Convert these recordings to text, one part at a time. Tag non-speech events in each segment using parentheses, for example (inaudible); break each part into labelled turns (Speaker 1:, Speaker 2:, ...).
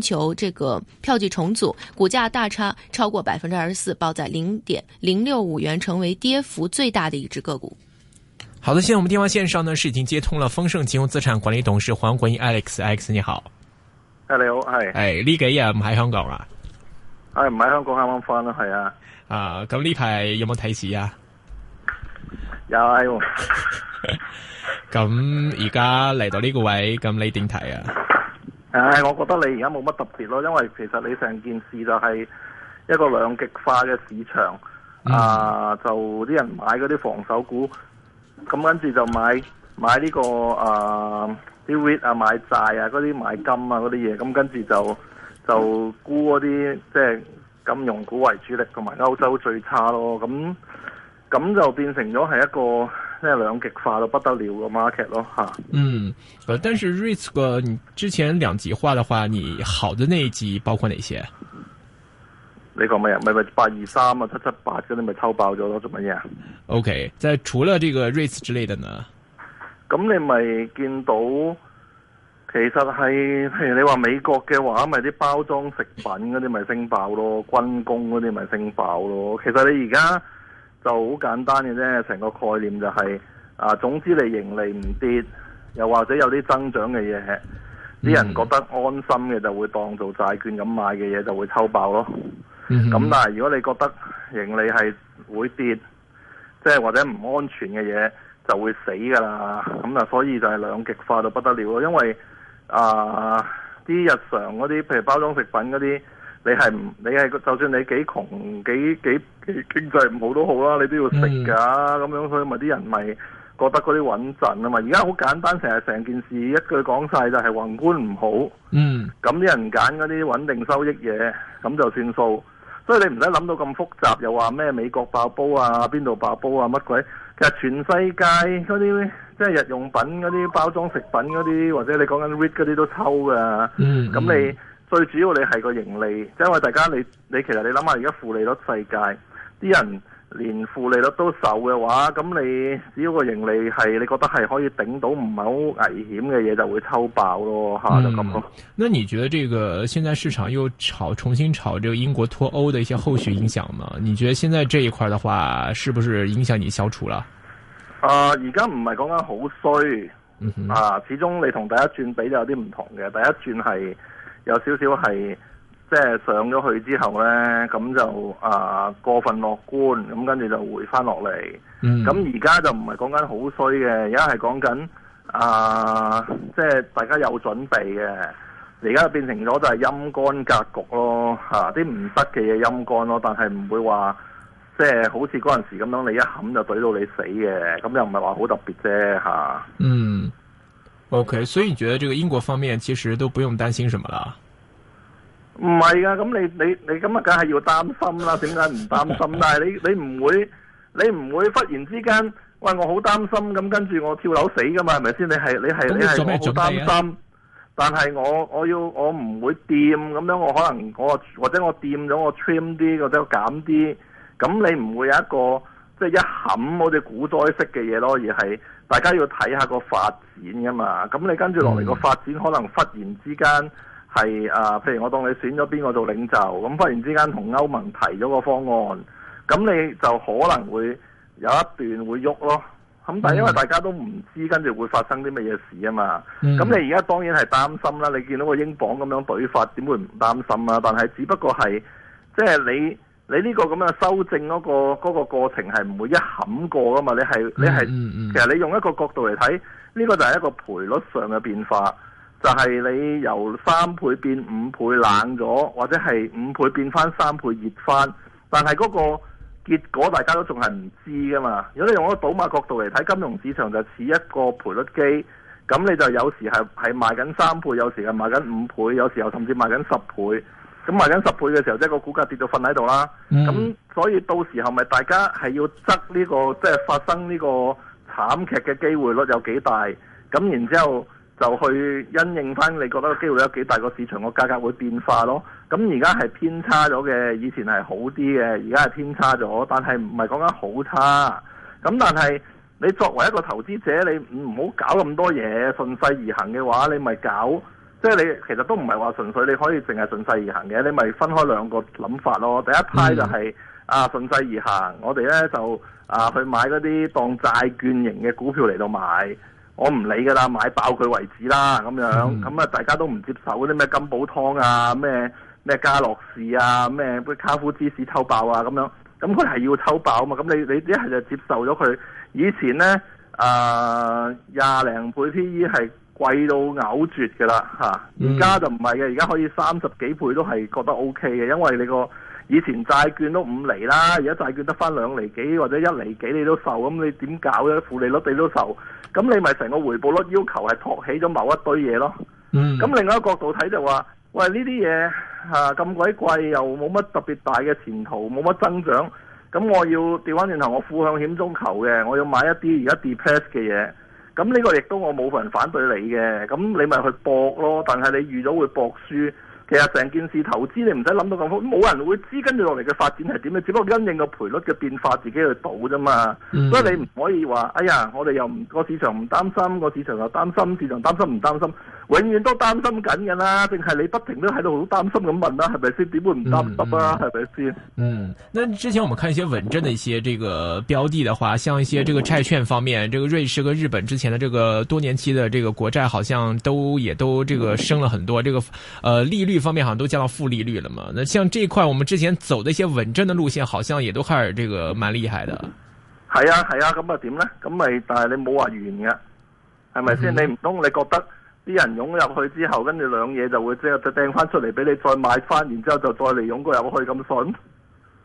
Speaker 1: 求這個票據重組，股價大差超過百分之二十四，報在零點零六五元，成為跌幅最大的一隻個股。
Speaker 2: 好的，現在我們電話線上呢是已經接通了豐盛金融資產管理董事黃國英 Alex，Alex Alex, 你好、啊。你好，
Speaker 3: 係。
Speaker 2: 哎，呢幾日唔喺香港啊？
Speaker 4: 哎，唔喺香港，啱啱翻咯，係啊。
Speaker 2: 啊，咁呢排有冇睇市啊？
Speaker 4: 有。
Speaker 2: 咁而家嚟到呢個位，咁你點睇啊？
Speaker 4: 唉，我覺得你而家冇乜特別咯，因為其實你成件事就係一個兩極化嘅市場，啊、嗯呃，就啲人買嗰啲防守股，咁跟住就買買呢、這個啊啲 wit 啊買債啊嗰啲買金啊嗰啲嘢，咁跟住就就沽嗰啲即係金融股為主力，同埋歐洲最差咯，咁咁就變成咗係一個。真係兩極化到不得了個 market 咯吓，
Speaker 2: 嗯，但係 risk 你之前兩極化嘅話，你好嘅那一極包括哪些？你
Speaker 4: 講乜嘢？咪咪八二三啊，七七八你咪抽爆咗咯，做乜嘢啊
Speaker 2: ？OK，即係除了呢個 risk 之類嘅呢？
Speaker 4: 咁你咪見到，其實係譬如你話美國嘅話，咪啲包裝食品嗰啲咪升爆咯， (laughs) 軍工嗰啲咪升爆咯，其實你而家。就好簡單嘅啫，成個概念就係、是、啊，總之你盈利唔跌，又或者有啲增長嘅嘢，啲、mm -hmm. 人覺得安心嘅就會當做債券咁買嘅嘢就會抽爆咯。咁、
Speaker 3: mm -hmm. 但係
Speaker 4: 如果你覺得盈利係會跌，即、就、係、是、或者唔安全嘅嘢就會死㗎啦。咁啊，所以就係兩極化到不得了咯。因為啊，啲日常嗰啲譬如包裝食品嗰啲。你係唔你係就算你幾窮幾幾經濟唔好都好啦，你都要食噶，咁樣，所以咪啲人咪覺得嗰啲穩陣啊嘛。而家好簡單，成日成件事一句講晒就係、是、宏觀唔好，嗯，咁啲人揀嗰啲穩定收益嘢，咁就算數。所以你唔使諗到咁複雜，又話咩美國爆煲啊，邊度爆煲啊，乜鬼？其實全世界嗰啲即係日用品嗰啲包裝食品嗰啲，或者你講緊 REIT 嗰啲都抽噶，咁、嗯、你。嗯最主要你係個盈利，因為大家你你其實你諗下而家負利率世界，啲人連負利率都受嘅話，咁你只要個盈利係你覺得係可以頂到唔係好危險嘅嘢，就會抽爆咯，嚇就咁咯。
Speaker 2: 那你覺得這個現在市場又炒重新炒這個英國脫歐的一些後續影響嗎？你覺得現在這一塊的話，是不是影響你消除了？
Speaker 4: 啊、呃，而家唔係講緊好衰，啊，始終你同第一轉比就有啲唔同嘅，第一轉係。有少少係即係上咗去之後呢，咁就啊過分樂觀，咁跟住就回翻落嚟。咁而家就唔係講緊好衰嘅，而家係講緊啊即係大家有準備嘅。而家變成咗就係陰乾格局咯，嚇，啲唔得嘅嘢陰乾咯，但係唔會話即係好似嗰陣時咁樣，你一冚就懟到你死嘅。咁又唔係話好特別啫，嚇、啊。嗯。
Speaker 2: O.K.，所以你覺得這個英國方面其實都不用擔心什麼啦？
Speaker 4: 唔係啊，咁你你你咁啊，梗係要擔心啦。點解唔擔心？ (laughs) 但係你你唔會，你唔會忽然之間，喂，我好擔心咁，跟住我跳樓死噶嘛，係咪先？你係你係你係做咩好擔心，但係我我要我唔會掂。咁樣，我可能我或者我掂咗我 trim 啲，或者我減啲，咁你唔會有一個。即係一冚好似股災式嘅嘢咯，而係大家要睇下個發展噶嘛。咁你跟住落嚟個發展、嗯、可能忽然之間係啊，譬如我當你選咗邊個做領袖，咁忽然之間同歐盟提咗個方案，咁你就可能會有一段會喐咯。咁、嗯、但係因為大家都唔知跟住會發生啲乜嘢事啊嘛。咁、嗯、你而家當然係擔心啦。你見到個英鎊咁樣舉法點會唔擔心啊？但係只不過係即係你。你呢個咁樣修正嗰、那個嗰、那個、過程係唔會一冚過噶嘛？你係你係、嗯嗯嗯，其實你用一個角度嚟睇，呢、這個就係一個賠率上嘅變化，就係、是、你由三倍變五倍冷咗，或者係五倍變翻三倍熱翻。但係嗰個結果大家都仲係唔知噶嘛？如果你用一個賭馬角度嚟睇金融市場，就似一個賠率機，咁你就有時係係賣緊三倍，有時係賣緊五倍，有時候甚至賣緊十倍。咁賣緊十倍嘅時候，即係個股價跌到瞓喺度啦。咁、嗯、所以到時候咪大家係要測呢、這個即係、就是、發生呢個慘劇嘅機會率有幾大？咁然之後就去因應返，你覺得個機會率有幾大？個市場個價格會變化咯。咁而家係偏差咗嘅，以前係好啲嘅，而家係偏差咗。但係唔係講緊好差。咁但係你作為一個投資者，你唔好搞咁多嘢，順勢而行嘅話，你咪搞。即係你其實都唔係話純粹你可以淨係順勢而行嘅，你咪分開兩個諗法咯。第一派就係、是嗯、啊順勢而行，我哋咧就啊去買嗰啲當債券型嘅股票嚟到買，我唔理㗎啦，買爆佢為止啦咁樣。咁、嗯、啊大家都唔接受嗰啲咩金寶湯啊、咩咩家樂氏啊、咩卡夫芝士抽爆啊咁樣，咁佢係要抽爆啊嘛。咁你你一係就接受咗佢以前咧啊廿零倍 PE 係。貴到嘔絕嘅啦嚇，而家就唔係嘅，而家可以三十幾倍都係覺得 O K 嘅，因為你個以前債券都五厘啦，而家債券得翻兩厘幾或者一厘幾你都受，咁你點搞咧？負利率你都受，咁你咪成個回報率要求係托起咗某一堆嘢咯。咁、嗯、另外一個角度睇就話，喂呢啲嘢咁鬼貴又冇乜特別大嘅前途，冇乜增長，咁我要調翻轉頭我負向險中求嘅，我要買一啲而家 depress 嘅嘢。咁呢個亦都我冇人反對你嘅，咁你咪去搏咯。但係你預咗會搏輸，其實成件事投資你唔使諗到咁好。冇人會知跟住落嚟嘅發展係點樣，只不過因應個賠率嘅變化自己去賭啫嘛。嗯、所以你唔可以話，哎呀，我哋又唔個市場唔擔心，個市場又擔心，市場擔心唔擔心？永遠都擔心緊噶啦，定係你不停都喺度好擔心咁問啦，啊，係咪先？點會唔擔心啊？係咪
Speaker 2: 先？嗯，那之前我們看一些穩陣的一些這個標的的話， (laughs) 像一些這個債券方面，這個瑞士和日本之前的這個多年期的這個國債，好像都也都這個升了很多，這個，呃，利率方面好像都降到負利率了嘛。那像這一塊，我們之前走的一些穩陣的路線，好像也都開始這個蠻厲害的。
Speaker 4: 係啊係啊，咁啊點呢？咁咪但係你冇話完嘅，係咪先？你唔通你覺得？啲人湧入去之後，跟住兩嘢就會即係就掟翻出嚟俾你再買翻，然之後就再嚟湧入入去咁順。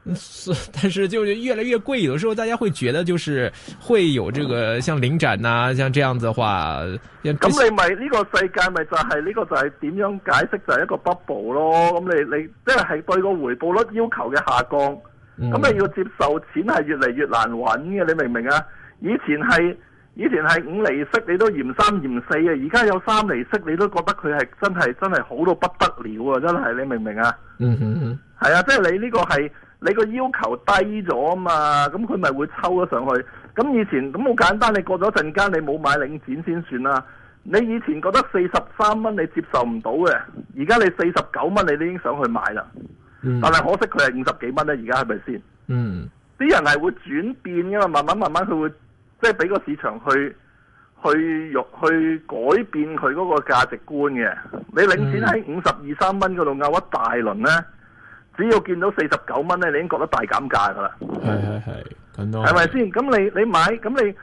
Speaker 2: 但係就越嚟越貴，有的時候大家會覺得就是會有這個像領展啊，像這樣子話。咁、嗯、你
Speaker 4: 咪呢、這個世界咪就係、是、呢、這個就係點樣解釋就係一個 bubble 咯？咁你你即係、就是、對個回報率要求嘅下降，咁、嗯、你要接受錢係越嚟越難搵嘅，你明唔明啊？以前係。以前係五厘息你都嫌三嫌四啊，而家有三厘息你都覺得佢係真係真係好到不得了啊！真係你明唔明啊？嗯哼哼，係啊，即係你呢個係你個要求低咗啊嘛，咁佢咪會抽咗上去？咁以前咁好簡單，你過咗一陣間你冇買領展先算啦。你以前覺得四十三蚊你接受唔到嘅，而家你四十九蚊你都已經想去買啦。 (laughs) 但係可惜佢係五十幾蚊咧，而家係咪先？嗯，啲人係會轉變噶嘛，慢慢慢慢佢會。即係俾個市場去去去，去改變佢嗰個價值觀嘅，你領錢喺五十二三蚊嗰度拗一大輪呢，只要見到四十九蚊呢，你已經覺得大減價噶啦。
Speaker 3: 係係係，係咪
Speaker 4: 先？咁你你買咁你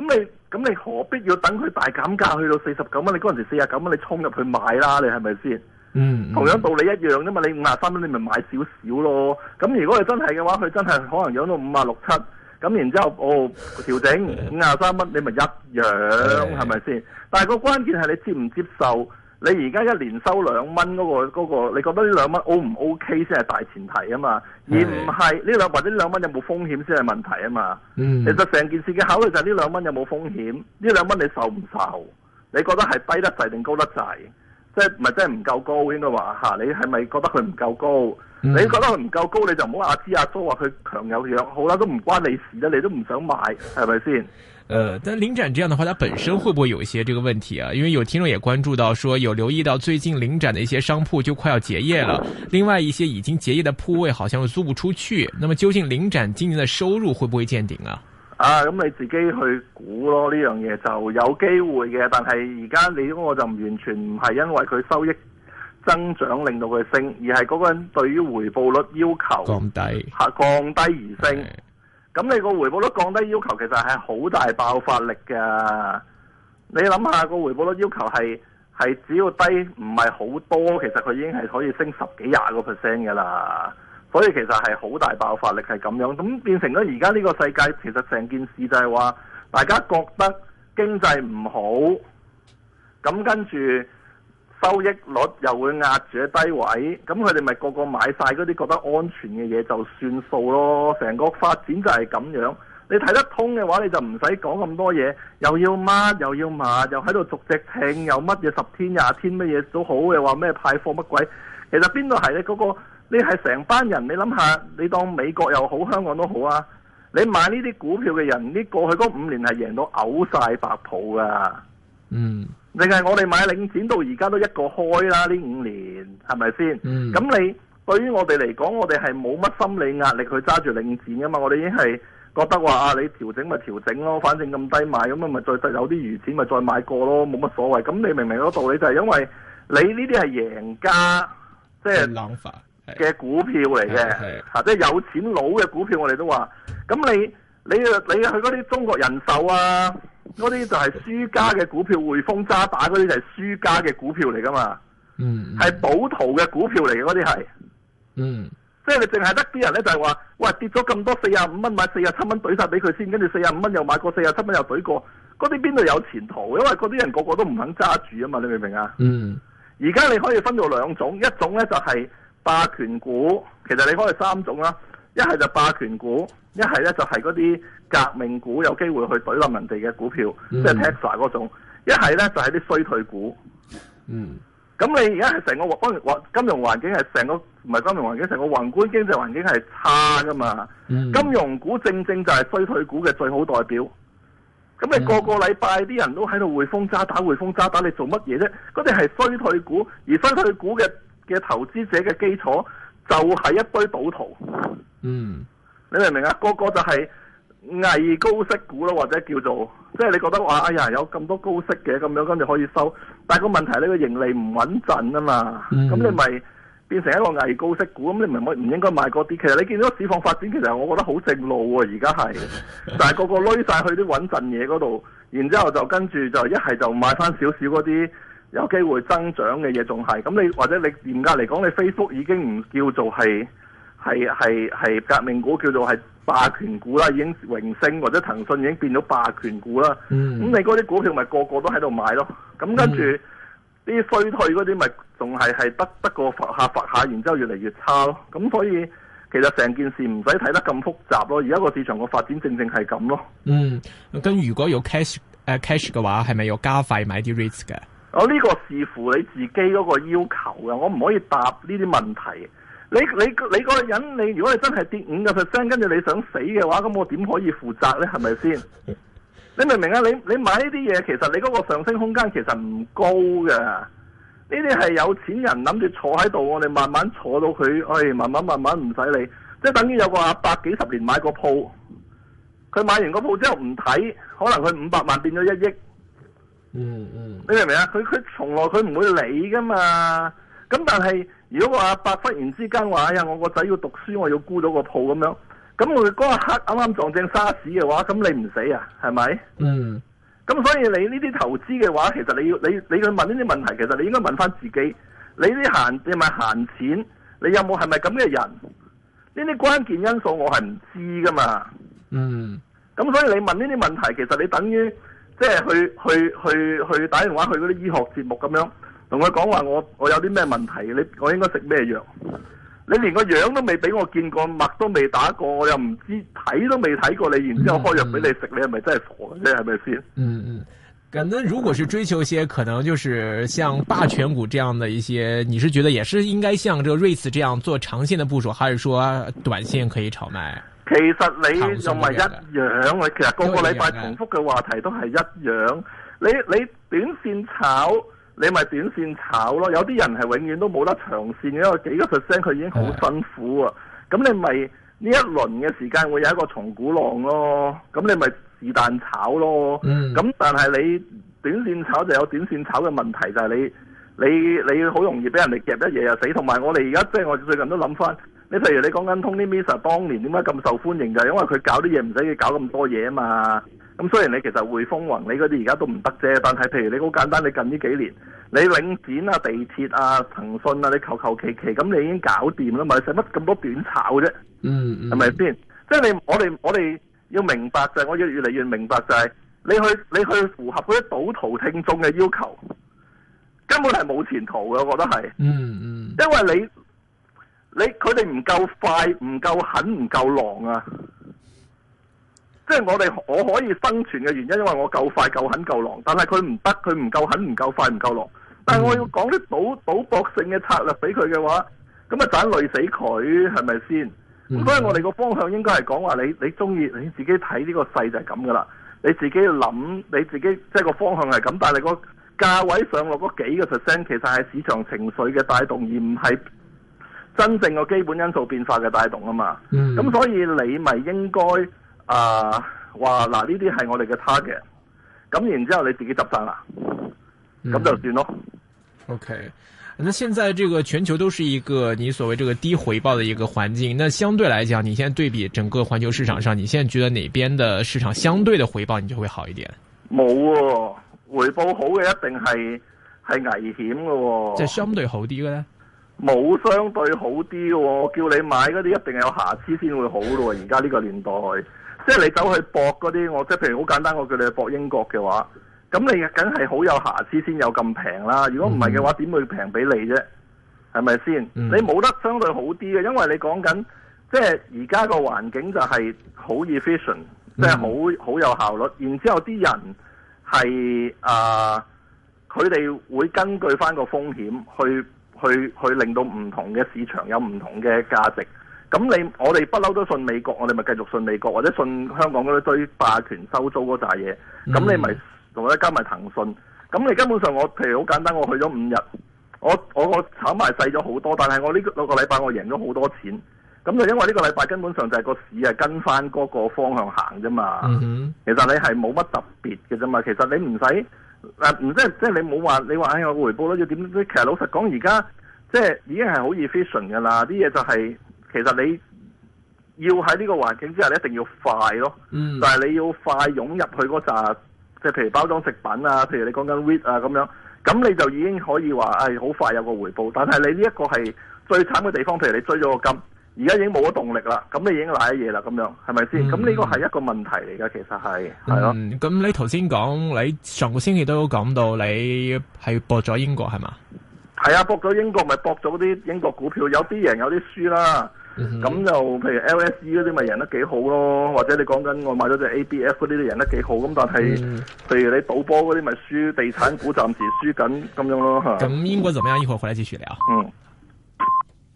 Speaker 4: 咁你咁你何必要等佢大減價去到四十九蚊？你嗰陣時四十九蚊你衝入去買啦，你係咪先？嗯，
Speaker 3: 同樣
Speaker 4: 道理一樣啫嘛。你五十三蚊你咪買少少咯。咁如果你真係嘅話，佢真係可能養到五啊六七。咁然之後，哦調整五廿三蚊，你咪一樣，係咪先？但係個關鍵係你接唔接受？你而家一年收兩蚊嗰個嗰個，你覺得呢兩蚊 O 唔 OK 先係大前提啊嘛？而唔係呢兩或者呢兩蚊有冇風險先係問題啊嘛？嗯，其實成件事嘅考慮就係呢兩蚊有冇風險？呢兩蚊你受唔受？你覺得係低得滯定高得滯？即係唔係真係唔夠高應該話，啊，你係咪覺得佢唔夠高？你覺得佢唔夠高，你就唔好阿支阿左，話佢強有弱好啦，都唔關你事啦，你都唔想買，係咪先？誒、
Speaker 2: 呃，但領展這樣的話，它本身會不會有一些這個問題啊？因為有聽眾也關注到，說，說有留意到最近領展的一些商鋪就快要結業了，另外一些已經結業的鋪位，好像又租不出去。那麼究竟領展今年的收入會不會見頂啊？
Speaker 4: 啊，咁你自己去估咯，呢樣嘢就有機會嘅。但係而家你我就完全唔係因為佢收益。增長令到佢升，而係嗰個人對於回報率要求降低，嚇降低而升。咁你個回報率降低要求其實係好大爆發力㗎。你諗下個回報率要求係係只要低唔係好多，其實佢已經係可以升十幾廿個 percent 㗎啦。所以其實係好大爆發力係咁樣。咁變成咗而家呢個世界其實成件事就係話，大家覺得經濟唔好，咁跟住。收益率又會壓住喺低位，咁佢哋咪個個買晒嗰啲覺得安全嘅嘢就算數咯。成個發展就係咁樣。你睇得通嘅話，你就唔使講咁多嘢，又要乜又要物，又喺度逐隻稱，又乜嘢十天廿天乜嘢都好，嘅話咩派貨乜鬼。其實邊度係？你嗰個，你係成班人，你諗下，你當美國又好，香港都好啊。你買呢啲股票嘅人，呢過去嗰五年係贏到嘔晒白泡㗎。嗯。淨係我哋買領展到而家都一個開啦，呢五年係咪先？咁、嗯、你對於我哋嚟講，我哋係冇乜心理壓力去揸住領展噶嘛？我哋已經係覺得話啊，你調整咪調整咯，反正咁低買咁啊，咪再有啲餘錢咪再買過咯，冇乜所謂。咁你明明嗰道理就係因為你呢啲係贏家，即係嘅股票嚟嘅，即、嗯、係、嗯嗯嗯嗯啊就是、有錢佬嘅股票我，我哋都話咁你。你啊，你去嗰啲中國人壽啊，嗰啲就係輸家嘅股票，匯豐渣打嗰啲就係輸家嘅股票嚟噶嘛，嗯，係賭徒嘅股票嚟嘅嗰啲係，
Speaker 3: 嗯，
Speaker 4: 即係你淨係得啲人咧就係話，哇跌咗咁多，四十五蚊買四十七蚊對晒俾佢先，跟住四十五蚊又買過四十七蚊又對過，嗰啲邊度有前途？因為嗰啲人個個都唔肯揸住啊嘛，你明唔明啊？嗯，而家你可以分到兩種，一種咧就係霸權股，其實你可以三種啦。一係就霸權股，一係咧就係嗰啲革命股，有機會去懟冧人哋嘅股票，mm -hmm. 即係 Tesla 嗰種。一係咧就係啲衰退股。嗯、mm -hmm.。咁你而家係成個金融環境係成個唔係金融環境，成個宏觀經濟環境係差噶嘛。Mm -hmm. 金融股正正就係衰退股嘅最好代表。咁你個個禮拜啲人都喺度匯豐渣打匯豐渣打，你做乜嘢啫？嗰啲係衰退股，而衰退股嘅嘅投資者嘅基礎就係一堆賭徒。嗯、mm.，你明唔明啊？個、那個就係偽高息股咯，或者叫做即係你覺得話哎呀有咁多高息嘅咁樣，跟住可以收，但係個問題你呢個盈利唔穩陣啊嘛，咁、mm -hmm. 你咪變成一個偽高息股，咁你唔係唔應該買嗰啲。其實你見到市況發展，其實我覺得好正路喎、啊。而家係，但 (laughs) 係個個攞晒去啲穩陣嘢嗰度，然之後就跟住就一係就買翻少少嗰啲有機會增長嘅嘢，仲係咁你或者你嚴格嚟講，你 Facebook 已經唔叫做係。係係係革命股，叫做係霸權股啦，已經榮升或者騰訊已經變到霸權股啦。咁、嗯、你嗰啲股票咪個個都喺度買咯。咁、嗯、跟住啲衰退嗰啲咪仲係係得得個發下發下，然之後越嚟越差咯。咁所以其實成件事唔使睇得咁複雜咯。而家個市場個發展正正係咁咯。嗯，
Speaker 2: 咁如果有 cash 誒 cash 嘅話，係咪要加快買啲 risk 嘅？
Speaker 4: 我、這、呢個視乎你自己嗰個要求嘅，我唔可以答呢啲問題。你你你個人，你如果係真係跌五個 percent，跟住你想死嘅話，咁我點可以負責呢？係咪先？你明唔明啊？你你買呢啲嘢，其實你嗰個上升空間其實唔高㗎。呢啲係有錢人諗住坐喺度，我哋慢慢坐到佢，哎，慢慢慢慢唔使理。即係等於有個阿伯幾十年買個鋪，佢買完個鋪之後唔睇，可能佢五百萬變咗一億。嗯嗯。你明唔明啊？佢佢從來佢唔會理㗎嘛。咁但係。如果話阿伯忽然之間話：哎呀，我個仔要讀書，我要沽到個鋪咁樣，咁我嗰一刻啱啱撞正沙士嘅話，咁你唔死啊？係咪？嗯。咁所以你呢啲投資嘅話，其實你要你你去問呢啲問題，其實你應該問翻自己，你啲閒係咪閒錢？你有冇係咪咁嘅人？呢啲關鍵因素我係唔知噶嘛。嗯。咁所以你問呢啲問題，其實你等於即係去去去去打電話去嗰啲醫學節目咁樣。同佢講話，我我有啲咩問題？你我應該食咩藥？你連個樣都未俾我見過，脈都未打過，我又唔知睇都未睇過你，然之後開藥俾你食，嗯，你係咪真係傻？你係咪先？
Speaker 2: 嗯嗯，咁，如果是追求一些可能，就是像霸權股這樣的一些，你是覺得也是應該像這個 REITs 這樣做長線的部署，還是說短線可以炒賣？
Speaker 4: 其實你仲咪一樣,一樣其實個個禮拜重複嘅話題都係一樣。你你短線炒？你咪短線炒咯，有啲人係永遠都冇得長線，因為幾個 percent 佢已經好辛苦啊。咁你咪呢一輪嘅時間會有一個重股浪咯。咁你咪、嗯、是但炒咯。咁但係你短線炒就有短線炒嘅問題，就係、係、你你你好容易俾人哋夾一嘢就死。同埋我哋而家即係我最近都諗翻，你譬如你講緊 Tony Misa 當年點解咁受歡迎就係、因為佢搞啲嘢唔使佢搞咁多嘢啊嘛。咁雖然你其實匯豐、宏利你嗰啲而家都唔得啫，但係譬如你好簡單，你近呢幾年你領展啊、地鐵啊、騰訊啊，你求求其其咁，你已經搞掂啦嘛，使乜咁多短炒啫？
Speaker 3: 嗯，係咪
Speaker 4: 先？即係你我哋我哋要明白就係、是，我要越越嚟越明白就係、是，你去你去符合嗰啲賭徒聽眾嘅要求，根本係冇前途嘅，我覺得係。嗯嗯，嗯，因為你你佢哋唔夠快、唔夠狠、唔夠狼啊！即係我哋我可以生存嘅原因，因為我夠快、夠狠、夠狼。但係佢唔得，佢唔夠狠、唔夠快、唔夠狼。但係我要講啲賭賭博性嘅策略俾佢嘅話，咁啊盞累死佢係咪先？
Speaker 3: 咁所以我
Speaker 4: 哋個方向應該係講話你你中意你自己睇呢個勢就係咁噶啦。你自己要諗，你自己，你自己即係個方向係咁，但係個價位上落嗰幾個 percent，其實係市場情緒嘅帶動，而唔係真正個基本因素變化嘅帶動啊嘛。咁、嗯、所以你咪應該。啊！話嗱呢啲係我哋嘅 target，咁然之後你自己執生啦，咁就算咯。
Speaker 2: OK，咁現在這個全球都是一個你所謂這個低回報的一個環境，那相對來講，你現在對比整個環球市場上，你現在覺得哪邊的市場相對的回報你就會好一點？
Speaker 4: 冇、哦、回報好嘅一定係係危險㗎、哦。即係
Speaker 2: 相對好啲嘅咧？
Speaker 4: 冇相對好啲嘅、哦，我叫你買嗰啲一定係有瑕疵先會好嘅、哦。而家呢個年代。即係你走去博嗰啲，我即係譬如好簡單，我叫你去博英國嘅話，咁你梗係好有瑕疵先有咁平啦。如果唔係嘅話，點、嗯嗯、會平俾你啫？係咪先？嗯、你冇得相對好啲嘅，因為你講緊即係而家個環境就係好 efficient，即係好好有效率。然之後啲人係啊，佢、呃、哋會根據翻個風險去去去令到唔同嘅市場有唔同嘅價值。咁你我哋不嬲都信美國，我哋咪繼續信美國，或者信香港嗰啲對霸權收租嗰扎嘢。咁你咪同埋加埋騰訊。咁你根本上我譬如好簡單，我去咗五日，我我我炒埋細咗好多，但係我呢個個禮拜我贏咗好多錢。咁就因為呢個禮拜根本上就係個市係跟翻嗰個方向行啫嘛。其實你係冇乜特別嘅啫嘛。其實你唔使，唔即係即係你冇話你話誒我回報啦，要點。其實老實講而家即係已經係好 efficient 嘅啦，啲嘢就係、是。其實你要喺呢個環境之下，你一定要快咯。嗯、但係你要快湧入去嗰扎，即係譬如包裝食品啊，譬如你講緊 wheat 啊咁樣，咁你就已經可以話誒好快有個回報。但係你呢一個係最慘嘅地方，譬如你追咗個金，而家已經冇咗動力啦，咁你已經賴嘢啦，咁樣係咪先？咁呢、嗯、個係一個問題嚟㗎，其實係。係咯、
Speaker 2: 啊。咁、嗯、你頭先講，你上個星期都講到你係博咗英國係嘛？
Speaker 4: 係啊，博咗英國咪博咗啲英國股票，有啲贏有啲輸啦。咁、嗯、就譬如 LSE 嗰啲咪贏得幾好咯，或者你講緊我買咗隻 ABF 嗰啲都贏得幾好咁，但係譬如你賭波嗰啲咪輸，地產股暫時輸緊咁樣咯嚇。
Speaker 2: 咁英國點樣？一會回來繼續聊。嗯。